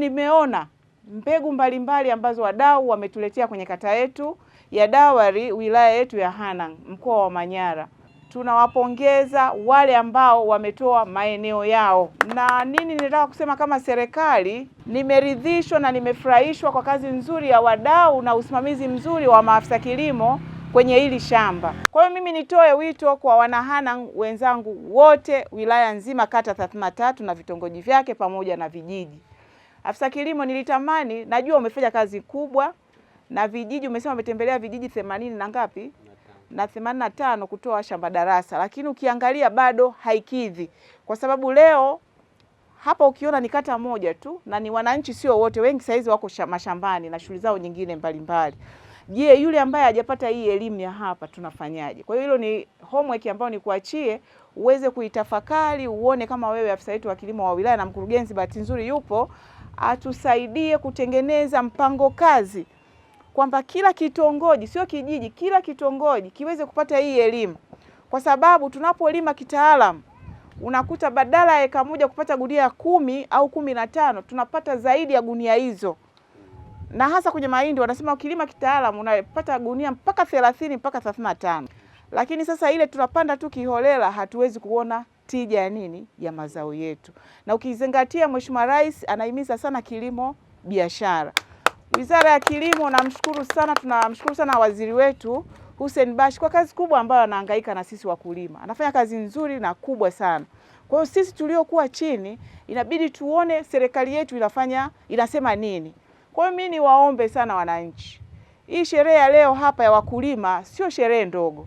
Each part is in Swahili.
Nimeona mbegu mbalimbali ambazo wadau wametuletea kwenye kata yetu ya Dawari wilaya yetu ya Hanang mkoa wa Manyara. Tunawapongeza wale ambao wametoa maeneo yao. Na nini ninataka kusema kama serikali, nimeridhishwa na nimefurahishwa kwa kazi nzuri ya wadau na usimamizi mzuri wa maafisa kilimo kwenye hili shamba. Kwa hiyo mimi nitoe wito kwa wanahanang wenzangu wote wilaya nzima, kata 33 na vitongoji vyake pamoja na vijiji Afisa kilimo, nilitamani najua umefanya kazi kubwa na vijiji, umesema umetembelea vijiji themanini na ngapi na themanini na tano kutoa shamba darasa, lakini ukiangalia bado haikidhi, kwa sababu leo hapa ukiona ni kata moja tu na ni wananchi sio wote, wengi saizi wako mashambani na shughuli zao nyingine mbalimbali. Je, yule ambaye hajapata hii elimu ya hapa tunafanyaje? Kwa hiyo hilo ni homework ambayo ni kuachie uweze kuitafakari, uone kama wewe afisa wetu wa kilimo wa wilaya na mkurugenzi, bahati nzuri yupo atusaidie kutengeneza mpango kazi kwamba kila kitongoji, sio kijiji, kila kitongoji kiweze kupata hii elimu, kwa sababu tunapolima kitaalamu unakuta badala ya eka moja kupata gunia kumi au kumi na tano tunapata zaidi ya gunia hizo, na hasa kwenye mahindi wanasema ukilima kitaalamu unapata gunia mpaka thelathini mpaka thelathini na tano lakini sasa ile tunapanda tu kiholela hatuwezi kuona tija ya nini ya mazao yetu. Na ukizingatia Mheshimiwa Rais anahimiza sana kilimo biashara. Wizara ya Kilimo, namshukuru sana, tunamshukuru sana waziri wetu Hussein Bash kwa kazi kubwa ambayo anahangaika na sisi wakulima. Anafanya kazi nzuri na kubwa sana. Kwa hiyo sisi tuliokuwa chini inabidi tuone serikali yetu inafanya inasema nini. Kwa hiyo mimi niwaombe sana wananchi, hii sherehe ya leo hapa ya wakulima sio sherehe ndogo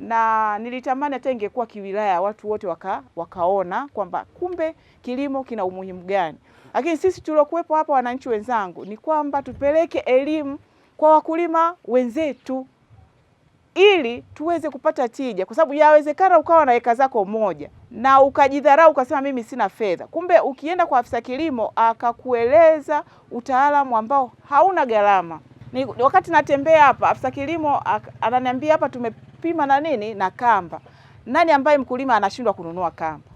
na nilitamani hata ingekuwa kiwilaya, watu wote waka, wakaona kwamba kumbe kilimo kina umuhimu gani. Lakini sisi tuliokuwepo hapa, wananchi wenzangu, ni kwamba tupeleke elimu kwa wakulima wenzetu ili tuweze kupata tija, kwa sababu yawezekana ukawa na eka zako moja na ukajidharau ukasema mimi sina fedha. Kumbe ukienda kwa afisa kilimo akakueleza utaalamu ambao hauna gharama ni wakati natembea hapa, afisa kilimo ananiambia hapa tumepima na nini na kamba. Nani ambaye mkulima anashindwa kununua kamba?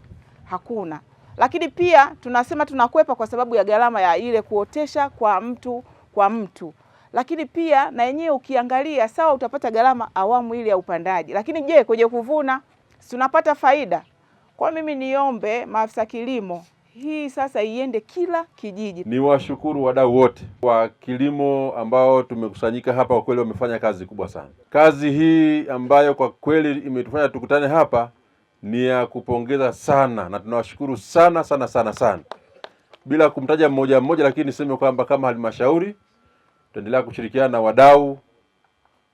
Hakuna. Lakini pia tunasema tunakwepa kwa sababu ya gharama ya ile kuotesha kwa mtu kwa mtu, lakini pia na yenyewe ukiangalia, sawa, utapata gharama awamu ile ya upandaji, lakini je, kwenye kuvuna tunapata faida? Kwa mimi niombe maafisa kilimo hii sasa iende kila kijiji. Ni washukuru wadau wote wa kilimo ambao tumekusanyika hapa, kwa kweli wamefanya kazi kubwa sana. Kazi hii ambayo kwa kweli imetufanya tukutane hapa ni ya kupongeza sana, na tunawashukuru sana sana sana sana. Bila kumtaja mmoja mmoja, lakini niseme kwamba kama halmashauri tutaendelea kushirikiana na wadau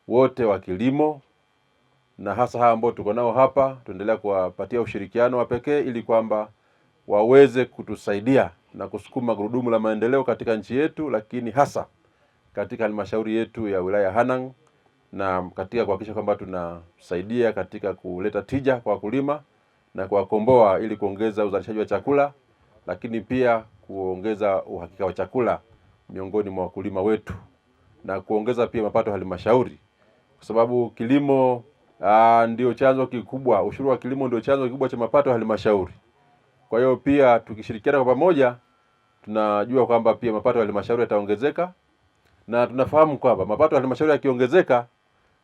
wote wa kilimo na hasa hawa ambao tuko nao hapa, tuendelea kuwapatia ushirikiano wa pekee ili kwamba waweze kutusaidia na kusukuma gurudumu la maendeleo katika nchi yetu, lakini hasa katika halmashauri yetu ya wilaya Hanang na katika kuhakikisha kwamba tunasaidia katika kuleta tija kwa wakulima na kuwakomboa ili kuongeza uzalishaji wa chakula, lakini pia kuongeza uhakika wa chakula miongoni mwa wakulima wetu na kuongeza pia mapato halmashauri, kwa sababu kilimo ndio chanzo kikubwa, ushuru wa kilimo ndio chanzo kikubwa cha mapato halmashauri. Kwa hiyo pia tukishirikiana kwa pamoja, tunajua kwamba pia mapato ya halmashauri yataongezeka, na tunafahamu kwamba mapato ya halmashauri yakiongezeka,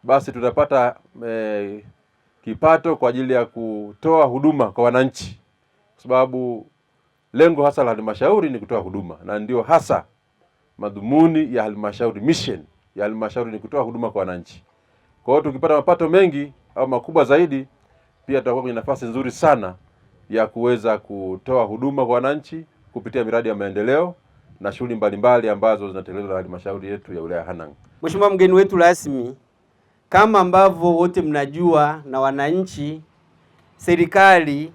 basi tutapata eh, kipato kwa ajili ya kutoa huduma kwa wananchi, kwa sababu lengo hasa la halmashauri ni kutoa huduma, na ndio hasa madhumuni ya halmashauri, mission ya halmashauri ni kutoa huduma kwa wananchi. Kwa hiyo tukipata mapato mengi au makubwa zaidi, pia tutakuwa kwenye nafasi nzuri sana ya kuweza kutoa huduma kwa wananchi kupitia miradi ya maendeleo na shughuli mbalimbali ambazo zinatekelezwa na halmashauri yetu ya wilaya Hanang'. Mheshimiwa mgeni wetu rasmi, kama ambavyo wote mnajua na wananchi, serikali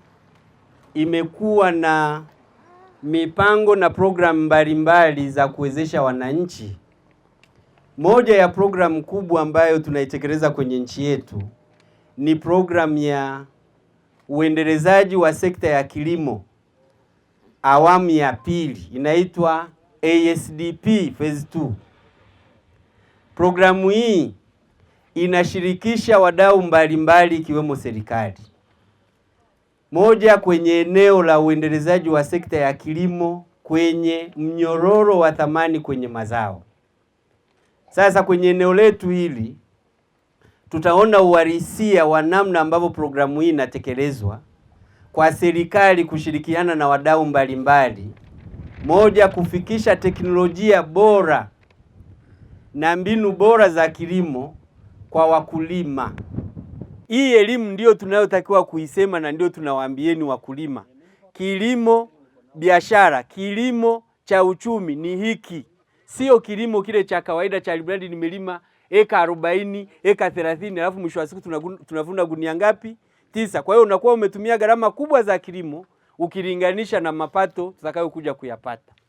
imekuwa na mipango na programu mbalimbali za kuwezesha wananchi. Moja ya programu kubwa ambayo tunaitekeleza kwenye nchi yetu ni programu ya uendelezaji wa sekta ya kilimo awamu ya pili inaitwa ASDP phase 2. Programu hii inashirikisha wadau mbalimbali ikiwemo serikali. Moja kwenye eneo la uendelezaji wa sekta ya kilimo kwenye mnyororo wa thamani kwenye mazao. Sasa kwenye eneo letu hili tutaona uhalisia wa namna ambavyo programu hii inatekelezwa kwa serikali kushirikiana na wadau mbalimbali. Moja, kufikisha teknolojia bora na mbinu bora za kilimo kwa wakulima. Hii elimu ndiyo tunayotakiwa kuisema na ndiyo tunawaambieni wakulima, kilimo biashara, kilimo cha uchumi ni hiki, sio kilimo kile cha kawaida cha mradi nimelima eka arobaini, eka thelathini, alafu mwisho wa siku tunavuna gunia ngapi? Tisa. Kwa hiyo unakuwa umetumia gharama kubwa za kilimo ukilinganisha na mapato tutakayokuja kuyapata.